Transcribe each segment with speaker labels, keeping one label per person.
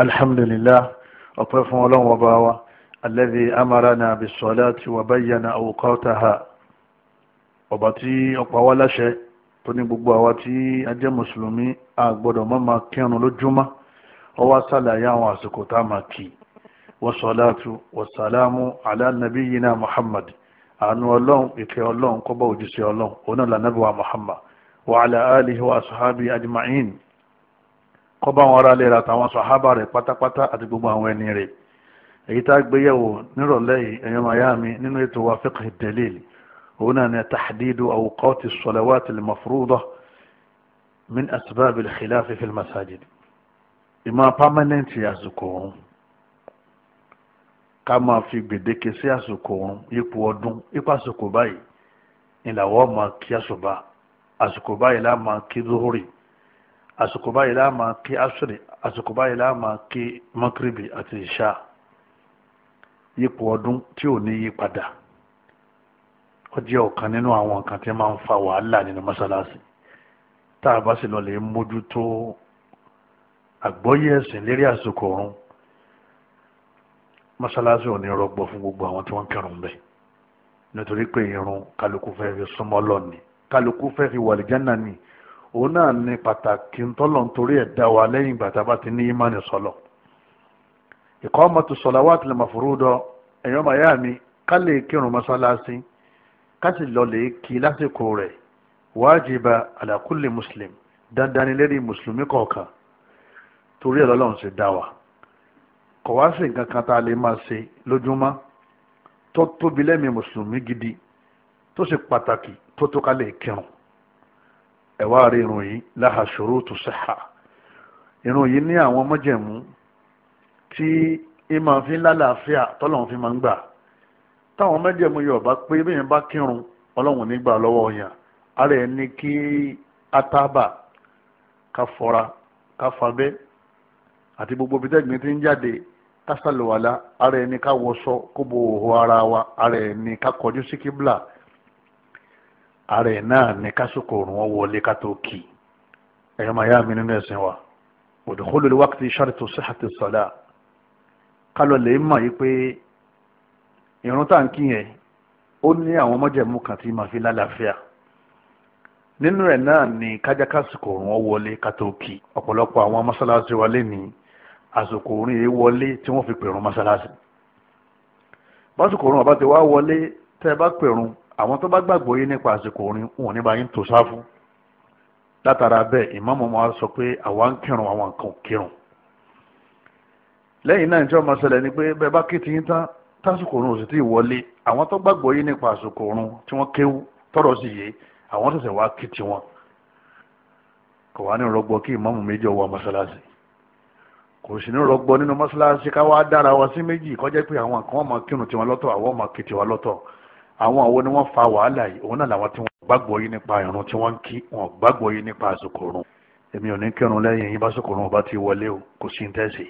Speaker 1: alhamdulillah ọpẹ́ fún ọlọ́run ọba wa alladhi amarana bis-salati wa bayyana awqataha ọba tí ó pa wá láṣẹ tó ní gbogbo àwa tí a jẹ́ mùsùlùmí a gbọ́dọ̀ má máa kírun lójúmọ́ ó wá ṣàlàyé àwọn àsìkò tá a máa kì í wassalatu wassalamu ala nabiyyina muhammad àánú ọlọ́run ìkẹ́ ọlọ́run kó bá òjíṣẹ́ ọlọ́run òun náà muhammad wa ala alihi wa ashabi ajma'in kó bá wọn ará lera àtàwọn sàhábà rẹ̀ pátápátá àti gbogbo àwọn ẹni rẹ̀ èyí tá a gbéyẹ̀wò nírọ̀lẹ́ yìí ẹ̀yàn màyá mi nínú ètò wa fiqh dalil òun náà ni tahdidu awqati salawat al-mafruda min asbab al-khilaf fi al-masajid ìmọ̀ pámẹ́nẹ́ǹtì àsìkò ọ̀hún ká máa fi gbèdéke sí àsìkò ọ̀hún ipò ọdún ipò àsìkò báyìí ìlàwọ́ máa kí àsìkò báyìí àsìkò báyìí la máa kí asiri àsìkò báyìí la máa kí makribi àti ìṣá yípo ọdún tí ò ní yí padà ó jẹ́ ọ̀kan nínú àwọn nǹkan tí máa ń fa wàhálà nínú mọ́ṣáláṣí tá a bá sì lọ lè mójútó lérí àsìkò ọ̀run mọ́ṣáláṣí ò ní rọgbọ fún gbogbo àwọn tí wọ́n kẹrùn bẹ́ẹ̀ nítorí pé irun kálukú fẹ́ fi súnmọ́ lọ́ọ̀ni kálukú fẹ́ fi wàlìjánà ni òun náà ní pàtàkì ńtọ́lọ̀ nítorí ẹ̀ dá wa lẹ́yìn ìgbà tá a bá ti ní ìmánì sọlọ. iqamatu salawati al-mafruda ẹ̀yọ́ màyá mi ká lè kírun mọ́sálásí ká sì lọ lè kí lásìkò rẹ̀ wájiba ala kulli muslim dandan ni lérí mùsùlùmí kọ̀ọ̀kan torí ẹ̀ lọ́lọ́run ṣe dá wa kọ̀ wá sí nǹkan kan tá a lè máa ṣe lójúmọ́ tó tóbi lẹ́mìí mùsùlùmí gidi tó ṣe pàtàkì tó tó ká lè kírun ẹ̀wá rí irun yìí láha shurutu sihha irun yìí ní àwọn mọ́jẹ̀mú tí ìmọ̀ fi lálàáfíà tọ́lọ́run fi máa ń gbà táwọn mọ́jẹ̀mú yóò bá pé bẹ́ẹ̀ bá kírun ọlọ́run nígbà lọ́wọ́ yàn ara ẹ̀ ní kí atábà ká fọra ká fabẹ́ àti gbogbo bí tẹ́gbìn ti ń jáde ká ara ẹ̀ ní ká wọṣọ kó bo òhò ara wa ara ẹ̀ ní ká kọjú sí kíbla ara ẹ̀ náà ní kásìkò òrùn wọn wọlé ká tó kì í ẹ̀yọ́ máa yá mi nínú ẹ̀sìn wa òdìkóló lè wákìtì shartu sihhati salat kálọ̀ lè mọ̀ yí pé ìrun tá à ń kí yẹn ó ní àwọn mọ́jẹ̀mú kan tí màá fi lálàáfíà nínú ẹ̀ náà ni kájákásìkò òrùn wọn wọlé ká tó kì í ọ̀pọ̀lọpọ̀ àwọn mọ́sálásí wa lé ní àsìkò òrùn yìí wọlé tí wọ́n fi pèrún mọ́sálásí básìkò àwọn tó bá gbàgbọ́ yé nípa àsìkò orin wọn ní bá yín tó sáfù látara bẹ́ẹ̀ ìmáàmù máa sọ pé àwa ń kírun àwọn nǹkan kírun lẹ́yìn náà ìjọba máa ṣẹlẹ̀ ni pé bẹ́ẹ̀ bá kí ti yín tán tásìkò orin ò sì tí ì wọlé àwọn tó gbàgbọ́ yé nípa àsìkò orin tí wọ́n kéwú tọ́rọ̀ sì yé àwọn ṣẹ̀ṣẹ̀ wá kí tiwọn kò wá ní rọgbọ kí ìmáàmù méjì ọwọ́ mọ́ṣáláṣí kò sí ní rọgbọ nínú mọ́ṣáláṣí ká dára wa sí méjì kọjá pé àwọn kan máa kírun tiwọn lọ́tọ̀ àwọn máa kí tiwa lọ́tọ̀ àwọn àwọn ni wọ́n fa wàhálà yìí òun náà làwọn tí wọ́n gbàgbọ́ yìí nípa irun tí wọ́n ń kí wọn gbàgbọ́ yìí nípa àsìkò run èmi ò ní kírun lẹ́yìn yín básìkò run ọba ti wọlé o kò sí ní tẹ́sí.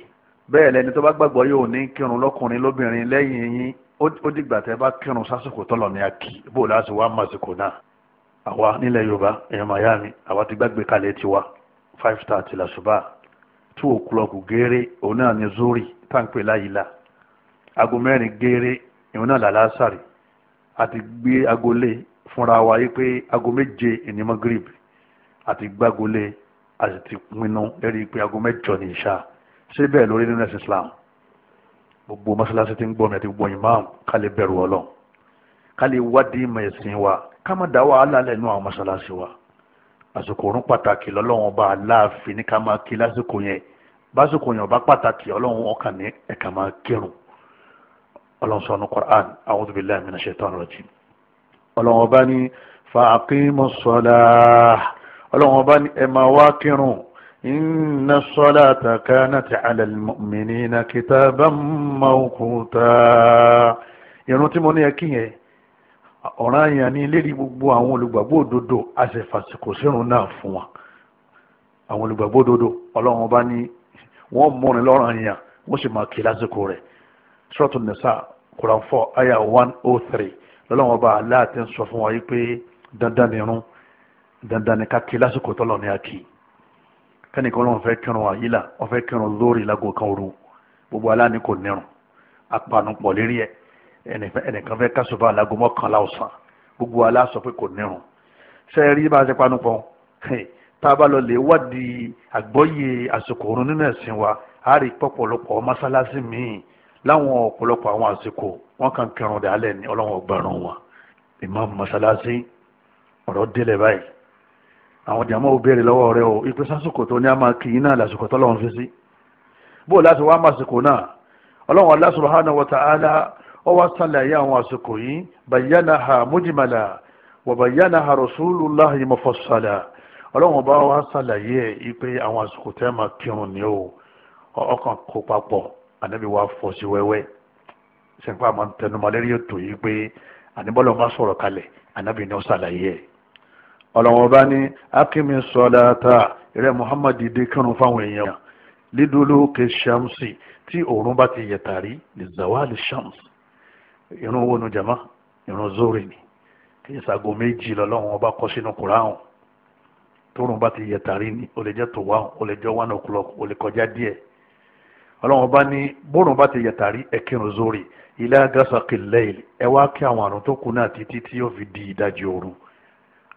Speaker 1: bẹ́ẹ̀ lẹni tó bá gbàgbọ́ yóò ní kírun lọ́kùnrin lóbìnrin lẹ́yìn yín ó dìgbà tẹ́ bá kírun sásìkò tọ́lọ̀ ní akí bó láti wá màsìkò náà. àwa nílẹ̀ yorùbá èèyàn miami àwa ti gbàgbé kalẹ̀ tiwa five thirty làṣùbà two o'clock gééré òun náà ní zori táǹpẹ̀ láyìí la aago mẹ́rin gééré òun náà làlásàrì àti gbé agolé fúnra wa yìí pé ago méje ní magrib àti gbàgolé a sì ti pinnu lẹ́rí pé ago mẹ́jọ ní ìṣá ṣé bẹ́ẹ̀ lórí nínú ẹ̀sìn Islam gbogbo mọ́ṣáláṣí ti ń gbọ́ mi àti gbogbo imam ká lè bẹ̀rù Ọlọ́run ká lè wádìí ìmọ̀ ẹ̀sìn wa ká má dá wàhálà lẹ́nu àwọn mọ́ṣáláṣí wa àsìkò òórùn pàtàkì lọ́lọ́run bá aláàfin ní ká máa kí lásìkò yẹn básìkò yẹn ọba pàtàkì Ọlọ́run ọkàn ní ẹ̀ka máa kírun ọlọ́run sọ̀nù Qur'an a'udhu billahi minash shaitani rajim ọlọ́run ọba ní faqimus salah ọlọ́run ọba ní ẹ máa wá kírun inna as-salata kanat 'ala al-mu'minina kitaban mawquta irun tí mo ní ẹ kí yẹn ọ̀ràn àyàn ní lérí gbogbo àwọn olùgbàgbọ́ òdodo àṣẹfàṣìkò sírun náà fún wa àwọn olùgbàgbọ́ òdodo ọlọ́run ọba ní wọ́n múrin lọ́rọ̀ àyàn wọ́n sì máa kí lásìkò rẹ̀ sọ́ọ̀tù nìsa Quran four aya one oh three lọ́lọ́wọ́n bá aláàtí ń sọ fún wa yìí pé dandan ni irun dandan ni ká kí lásìkò tọ́lọ̀ ní akí kẹ́nìkan lọ́wọ́n fẹ́ kírun àyílà wọ́n fẹ́ kírun lórí lágò kan òru gbogbo aláàní kò nírun apanupọ̀ lérí ẹ̀ ẹnìkan fẹ́ kásùbà lágò mọ́kànlá ọ̀sán gbogbo aláàsọ pé kò nírun ṣe rí bá a ṣe panupọ̀ tá a bá lọ lè wadi àgbọ́yé àsìkò òrun nínú ẹ̀sìn wa a rí pọ̀pọ̀lọpọ̀ mọ́sálásí láwọn ọ̀pọ̀lọpọ̀ àwọn àsìkò wọn kàn kẹrun dàálẹ̀ ní ọlọ́wọ́n ọgbàrún wọn imam masalasi ọ̀rọ̀ délẹ̀ báyìí àwọn jàmọ́ ò béèrè lọ́wọ́ rẹ o ìpè sásìkò tó ní a máa kì í náà lásìkò tó lọ́wọ́n fi sí bó láti wá màsìkò náà ọlọ́wọ́n Allah subhanahu wa ta'ala ó wá sàlàyé àwọn àsìkò yìí bayyanaha mujmala wa bayyanaha rasulullahi mufassala ọlọ́wọ́n bá wá sàlàyé ìpè àwọn àsìkò tẹ́ máa kírun ní o ọkàn kó papọ̀ anabi wa fọ sí wẹ́wẹ́ sẹ́ńpá àmọ́ tẹnumalẹ́rì ètò yìí pé àníbọ̀lọ́ bá sọ̀rọ̀ kalẹ̀ anabi ni ó ṣàlàyé ẹ̀ ọlọ́wọ́n bá ní akínmi sọ́dáta rẹ̀ muhammad dìde kírun fáwọn èèyàn ke shamsi tí òórùn bá ti yẹ tàrí lè zawali shams irun wo jama irun zori ni kì í sago méjì lọ́lọ́wọ́n ọba kọ́ sínú kuraahùn tóórùn bá ti yẹ tàrí ni ó lè jẹ́ tòwáhùn ó lè jẹ́ one o'clock ó lè kọjá díẹ̀ ọlọ́run bá ní bóòrùn bá ti yàtàrí ẹ̀kírun zori ilé agasaki lẹ́yìn ẹ wá kí àwọn àrùn tó kù náà títí tí yóò fi di ìdajì òru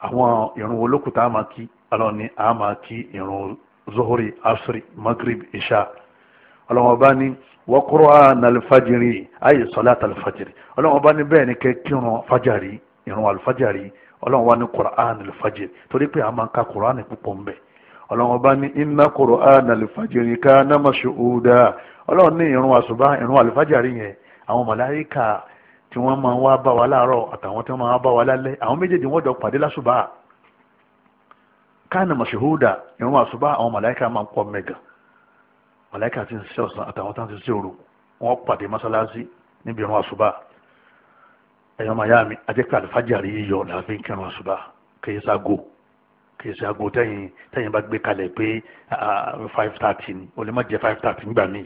Speaker 1: àwọn ìrun olókùn tá máa kí ọlọ́run ní a máa kí ìrun zohori asri magrib isha ọlọ́run bá ní wọ́kúrọ́ ànàlfàjìrì ayé sọlá àtàlfàjìrì ọlọ́run bá ní bẹ́ẹ̀ ni kẹ́ kírun fàjàrí ìrun àlfàjàrí ọlọ́run wá ní kùrọ̀ ànàlfàjìrì torí pé a máa ka kùrọ̀ ànà púpọ̀ ń ọlọ́run bá ní inna qur'ana al-fajri kana mashhuda ọlọ́run ní ìrun àṣùbá ìrun àlùfájàrí yẹn àwọn màláíkà tí wọ́n máa wá bá wa láàárọ̀ àtàwọn tí wọ́n máa bá wa lálẹ́ àwọn méjèèjì wọ́n jọ pàdé lásùbà kana mashhuda ìrun àṣùbá àwọn màláíkà máa ń pọ̀ mẹ́gà màláíkà ti ń ṣe ọ̀sán àtàwọn tí wọ́n ti ń ṣe òru wọ́n pàdé mọ́sálásí níbi ìrun àṣùbá ẹ̀yọ́ màyá mi ajẹ́pẹ́ àlùfájàrí yíyọ làá fi àṣùbá kì í kì í ṣe aago tẹ́yìn tẹ́yìn bá gbé kalẹ̀ pé five thirty ni o lè má jẹ five thirty nígbà míì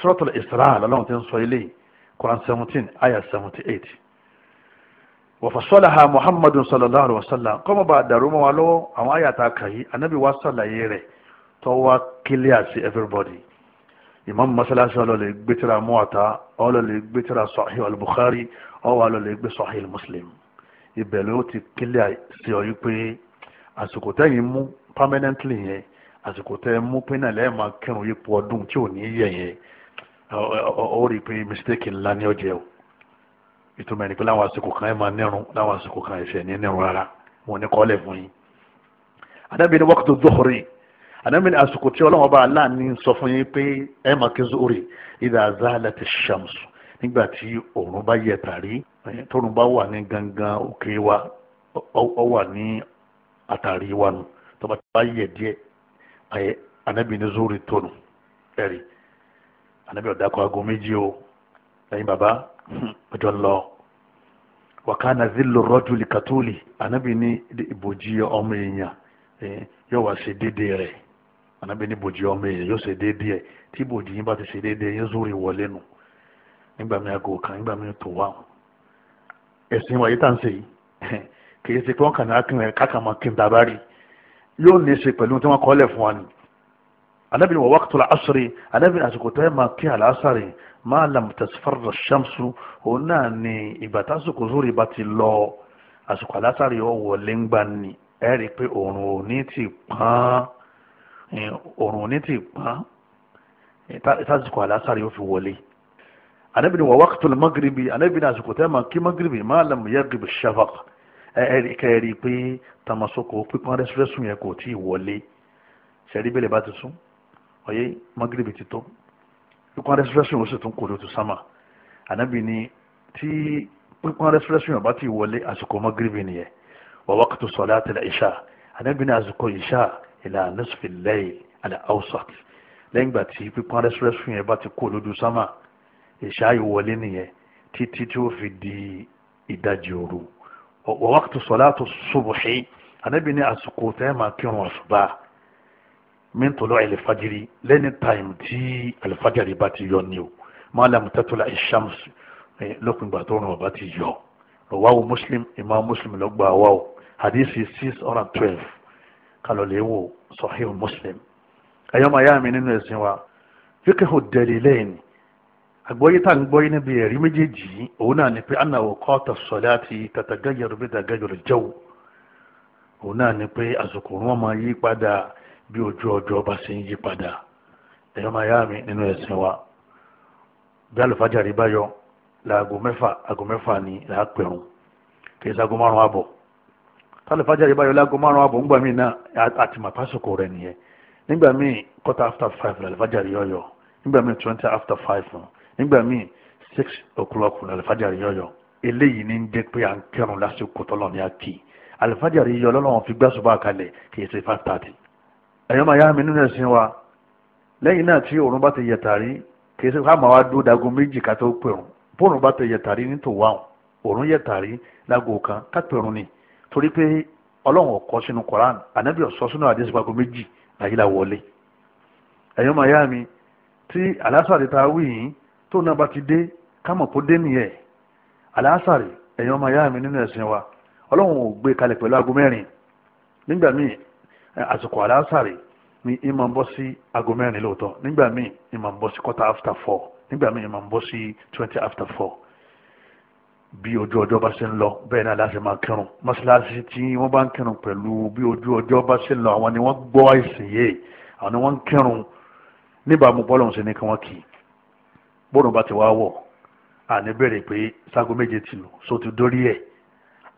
Speaker 1: Suratul Isra lọ́lọ́run ti ń sọ eléyìí Quran seventeen ayah seventy eight wàfàsọ́làhà muhammadu sallallahu alayhi wa sallam kọ́mọ bá dàrú mọ́ wa lọ́wọ́ àwọn àyà tá kà yìí anabi wa sàlàyé rẹ̀ tó wá clear sí everybody imam masalasi ọlọ́lẹ̀ gbẹ́tẹ̀rẹ̀ muwata ọlọ́lẹ̀ gbẹ́tẹ̀rẹ̀ sahih al-bukhari ọwọ́ ọlọ́lẹ̀ gbẹ́ sahih muslim ibẹ̀ ló ti clear sí ọ yìí pé àsìkò tẹ́yìn mú permanently yẹn àsìkò tẹ́ mú pínlẹ̀ lẹ́yìn máa kírun yípo ọdún tí ò ní yẹ yẹn ó rí i pé mistake ńlá ní ọjẹ́ o ìtumọ̀ ẹni pé láwọn àsìkò kan ẹ̀ máa nírun láwọn àsìkò kan ẹ̀ṣẹ̀ ní nírun rárá wọn ní kọ́lẹ̀ fún yín anábì ní wákàtí zuhuri anábì ni àsìkò tí ọlọ́wọ́n bá aláàní sọ fún yín pé ẹ̀ máa kí zuhuri ìdá zalati shamsu nígbà tí òòrùn bá yẹ tàrí tóòrùn bá wà ní gangan òkè wa ọ wà ní Atari wa to tọba tí a bá yẹ díẹ̀ ayẹ anabi ní zori tónu ẹrí anabi ọ̀dà kọ aago méjì o lẹ́yìn bàbá ọjọ́ ńlọ wakana zilu rọjuli katoli anabi ní ìbòjì ọmọ èèyàn yóò wá ṣe déédéé rẹ̀ anabi ní ìbòjì ọmọ èèyàn yóò ṣe déédéé tí ìbòjì yín bá ti ṣe déédéé yín zori wọlé nu nígbà mi aago kan nígbà mi tó wà ẹ̀sìn wáyé tá à ń ṣe kìí ṣe pé wọ́n kàn ákìn rẹ̀ káàkà máa kí n tàbá rí yóò ní í ṣe pẹ̀lú tí wọ́n kọ́ lẹ̀ fún wa ni anabi wa waqtu al-asri anabi àsìkò tẹ́ máa kí al-asri ma lam tasfarra ash-shamsu òun náà ni ìgbà tásìkò sórí ìbá ti lọ àsìkò al-asri ó wọlé ń gbà ní ẹ rí i pé òòrùn ò ti pọ́n eh, òòrùn ò ní ti pọ́n eh, tásìkò al-asri ó fi wọlé anabi wa waqtu al-maghribi anabi àsìkò tẹ́ máa kí maghribi ma lam yaghib ash-shafaq kẹrí pé tamasoko pípọn rẹsúrẹsù yẹn kò tí ì wọlé sẹrí bẹlẹ bá ti sún ọyẹ magrebi ti tó pípọn rẹsúrẹsù yẹn ó sì tún kò lótú sámà ànábì ni tí pípọn rẹsúrẹsù yẹn bá ti wọlé àsìkò magrebi nìyẹn wa waqtu salati al-isha ànábì ni àsìkò ìṣá ila nisfi al-layl al-awsat lẹ́yìn ìgbà tí pípọn rẹsúrẹsù yẹn bá ti kò lójú sámà ìṣá ìwọlé nìyẹn títí wa waqtu salatu subuhi anabi ní àsìkò tẹ́ máa kírun àsùbá min tulu'i al-fajri lẹ́ni táìmù tí al-fajri bá ti yọ ni o ma lam tatla' ash-shams lókun ìgbà tó rùn ọ̀bá ti yọ rọ̀wáwò muslim imam muslim ló gba àwa o hadisi six hundred twelve kálọ̀ lè wò sahih muslim ẹ̀yọ́ máa yá mi nínú ẹ̀sìn wa fíkẹ́hù dẹ̀lílẹ́yìn àgbọ́yé tá à ń gbọ́yé níbi ẹ̀rí méjèèjì òun náà ni pé anna awqata salati tatagayyar bi tagayyuril jaw òun náà ni pé àsìkò wọn máa yí padà bí ojú ọjọ́ bá ṣe ń yí padà ẹ̀yọ́ máa yá mi nínú ẹ̀sìn wa bí alùfájàrí bá yọ láago mẹ́fà aago mẹ́fà ni làápẹ̀rún kì í sago márùn-ún àbọ̀ tálùfájàrí bá yọ láago márùn-ún àbọ̀ ńgbà míì after five làlùfájàrí yọ yọ nígbà twenty after five nígbà míì six o'clock làlùfájàrí yọyọ eléyìí ní ń jẹ́ pé à ń kẹrùn lásìkò tọ́lọ̀ ní akí àlùfájàrí yọ lọ́lọ́wọ́n fi gbàsùbà kalẹ̀ kì í ṣe five thirty. ẹ̀yọ́ màá yá mi nínú ẹ̀sìn wa lẹ́yìn náà tí òrùn bá ti yẹ̀ tàrí kì í ṣe ká màá wá dúró dago méjì ká tó pẹ̀rùn bóòrùn bá ti yẹ̀ tàrí ní tòwáhùn òrùn tàrí lágò kan ká pẹ̀rùn ni torí pé ọlọ́run ọ̀kọ́ sínú koran ànábì ọ̀sọ́ sínú àdéṣe pàgọ́ méjì làyílà wọlé ẹ̀yọ́ màá yá mi tí àlásàdé ta wí yìí tó náà bá ti dé kámọ̀ kó dé nìyẹn àlàásàrì ẹ̀yàn ọmọ ìyá mi nínú ẹ̀sìn wa ọlọ́run ò gbé kalẹ̀ pẹ̀lú aago mẹ́rin nígbà míì àsìkò àlàásàrì ni ìmọ̀ ń bọ́ sí aago mẹ́rin lóòótọ́ nígbà míì ìmọ̀ ń bọ́ sí quarter after four nígbà míì ìmọ̀ ń bọ́ sí twenty after four bí ojú ọjọ́ bá ṣe ń lọ bẹ́ẹ̀ náà láti máa kírun mọ́ṣáláṣí tí wọ́n bá ń kírun pẹ̀lú bí ojú ọjọ́ bá ṣe ń lọ àwọn ni wọ́n gbọ́ àìsàn yìí àwọn ni wọ́n ń kírun níbàámu bọ́lọ̀ ṣe ní kí wọ́n kì í bóòrùn bá ti wá wọ̀ àní bẹ̀rẹ̀ pé sago méje ti lù so ti dórí ẹ̀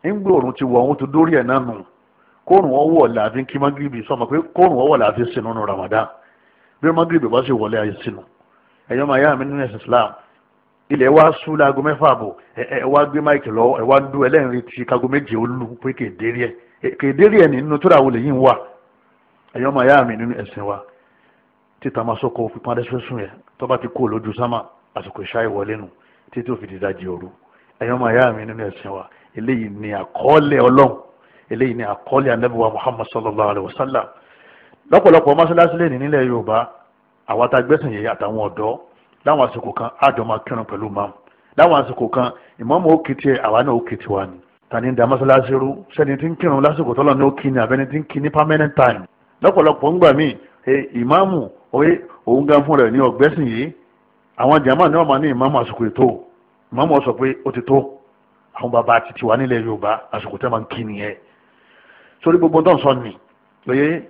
Speaker 1: ńgbé òrùn ti wọ̀ òun ti dórí ẹ̀ náà nù kóòrùn wọn wọ̀ làáfin kí magrebi sọmọ pé kóòrùn wọn wọ̀ làáfin sinú nù Ramadan bí magrebi bá sì wọlé ayé sinú ẹ̀yọ́ máa yá mi nínú ẹ̀sìn Islam ilẹ̀ wa sú láago mẹ́fà bò ẹ̀ ẹ̀ wá gbé máìkì lọ́wọ́ ẹ̀ wá ń dún ẹlẹ́rìí ti kago méje ó lù pé kèdérí ẹ̀ kèdérí ẹ̀ nínú tó dàwọlé yìí ń wà ẹ̀yọ́ máa yá mi nínú ẹ̀sìn wa títa máa sọ́kọ̀ òfin pàdé sẹ́sùn yẹn bá ti kó lójú sámà àsìkò ìṣáì wọlé nù títí ó fi di dájí òru ẹ̀yọ́ máa yá mi nínú ẹ̀sìn wa eléyìí ni àkọọ́lẹ̀ ọlọ́run eléyìí ni àkọọ́lẹ̀ anábìwá muhammad sallallahu alayhi wa sallam lọ́pọ̀lọpọ̀ mọ́ṣáláṣí lè ní nílẹ̀ yorùbá àwọn atagbẹ́sìn yẹn àtàwọn ọ̀dọ́ láwọn àsìkò kan àjọ máa kírun pẹ̀lú máàmù láwọn àsìkò kan ìmáàmù ó kìtì àwa náà ó kìtì wa ni tani da mọ́ṣáláṣí rú sẹ́ni tí ń kírun lásìkò tọ́lọ̀ ní ó kí ni àbẹ́ni tí ń kí ní permanent time lọ́pọ̀lọpọ̀ ńgbà míì ìmáàmù òun gan fúnra ẹ̀ ní ọ̀gbẹ́sìn yìí àwọn jàmá ni wọ́n máa ní ìmáàmù àsìkò ètò ìmáàmù sọ pé ó ti tó àwọn bàbá àti tiwa nílẹ̀ yorùbá àsìkò tẹ́ máa ń kí nìyẹn sórí gbogbo tó ń sọ nì lóye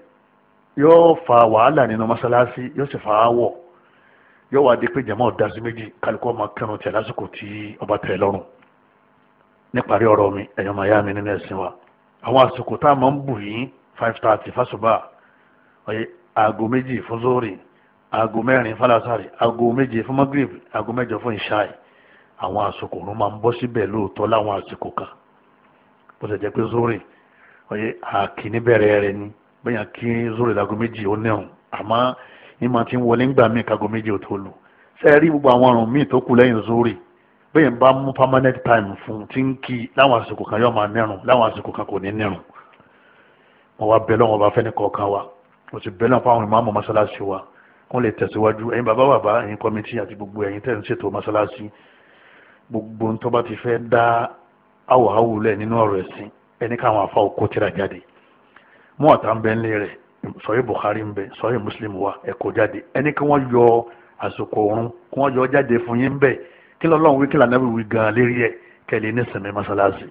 Speaker 1: yóò fa wàhálà nínú mọ́sálásí yóò sì fa áwọ̀ yóò wá di pé jàmá ọ̀dà sí méjì kálukọ́ máa kẹrun tẹ̀ lásìkò tí ọba tẹ̀ lọ́rùn níparí ọ̀rọ̀ mi ẹ̀yọ́ máa yá mi nínú ẹ̀sìn wa àwọn àsìkò tá a máa ń bù yín five thirty fásùbà ọ̀yẹ́ aago méjì fún zóòrì aago mẹ́rin falasari aago méje fún magrib aago mẹ́jọ fún ìṣáì àwọn àsìkò òun máa ń bọ́ síbẹ̀ lóòótọ́ láwọn àsìkò kan bó ṣe jẹ́ pé zori oye àkì níbẹ̀rẹ̀ rẹ̀ ni bẹ́ẹ̀ kí zori láago méjì ó nẹ̀hùn àmọ́ ní màá ti ń wọlé ńgbà míì kágo méjì ó tó lù ṣe gbogbo àwọn àrùn míì tó kù lẹ́yìn zori bẹ́ẹ̀ bá mú permanent time fún tí ń kí láwọn àsìkò kan yóò máa nẹ̀rùn láwọn àsìkò kan kò ní nẹ̀rùn mo wá bẹ́ẹ̀ lọ́wọ́ bá fẹ́ni kọ̀ọ̀kan wa mo sì bẹ́ẹ̀ lọ́wọ́ fáwọn ìmáàmù mọ́ṣáláṣí wa kó lè tẹ̀síwájú ẹ̀yin bàbá bàbá ẹ̀yin kọ́mítì àti gbogbo ẹ̀yin tẹ̀ ń ṣètò mọ́ṣáláṣí gbogbo tó bá ti fẹ́ dá awòhawò lẹ̀ nínú ọ̀rọ̀ ẹ̀sìn ẹni káwọn afa oko tira jáde mú ọ̀tá ń bẹ ń lé rẹ̀ sọ̀yìn Bukhari ń bẹ sọ̀yìn Muslim wa ẹ̀kọ́ jáde ẹni kí wọ́n yọ àsìkò ọ̀run kí wọ́n yọ jáde fún yín bẹ́ẹ̀ kí lọ́lọ́run wí kí lànà wí gan-an lérí ẹ̀ kẹ́lẹ́ ní sẹ̀mí mọ́ṣáláṣí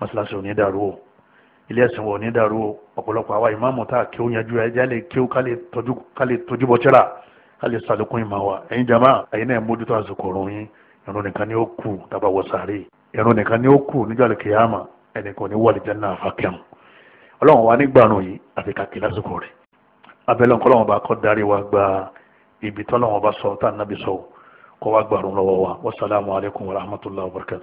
Speaker 1: mọ́ṣáláṣí ò ní dàrú o ilé ẹ̀sìn wọ̀ ní dàrú ọ̀pọ̀lọpọ̀ àwa ìmáàmù tá a kí ó yanjú ẹ lè kí ó ká lè tójú bọ́ tíra ká lè sàlékún ìmọ̀ wa ẹ̀yin jama ẹ̀yin náà mójútó àsìkò ọ̀run yín irun nìkan ni ó kù tàbá wọ sàárè irun nìkan ni ó kù níjọ́ àlùkìyàmà ẹnìkan ní wọ́ọ̀lì jẹ́ náà fàkẹ́hùn ọlọ́run wa nígbàrún yìí àfi kàkí lásìkò rẹ̀ abẹ́lẹ́ nǹkan ọlọ́run bá kọ́ wa wa gbàrún lọ́wọ́ wa wasalaamualeykum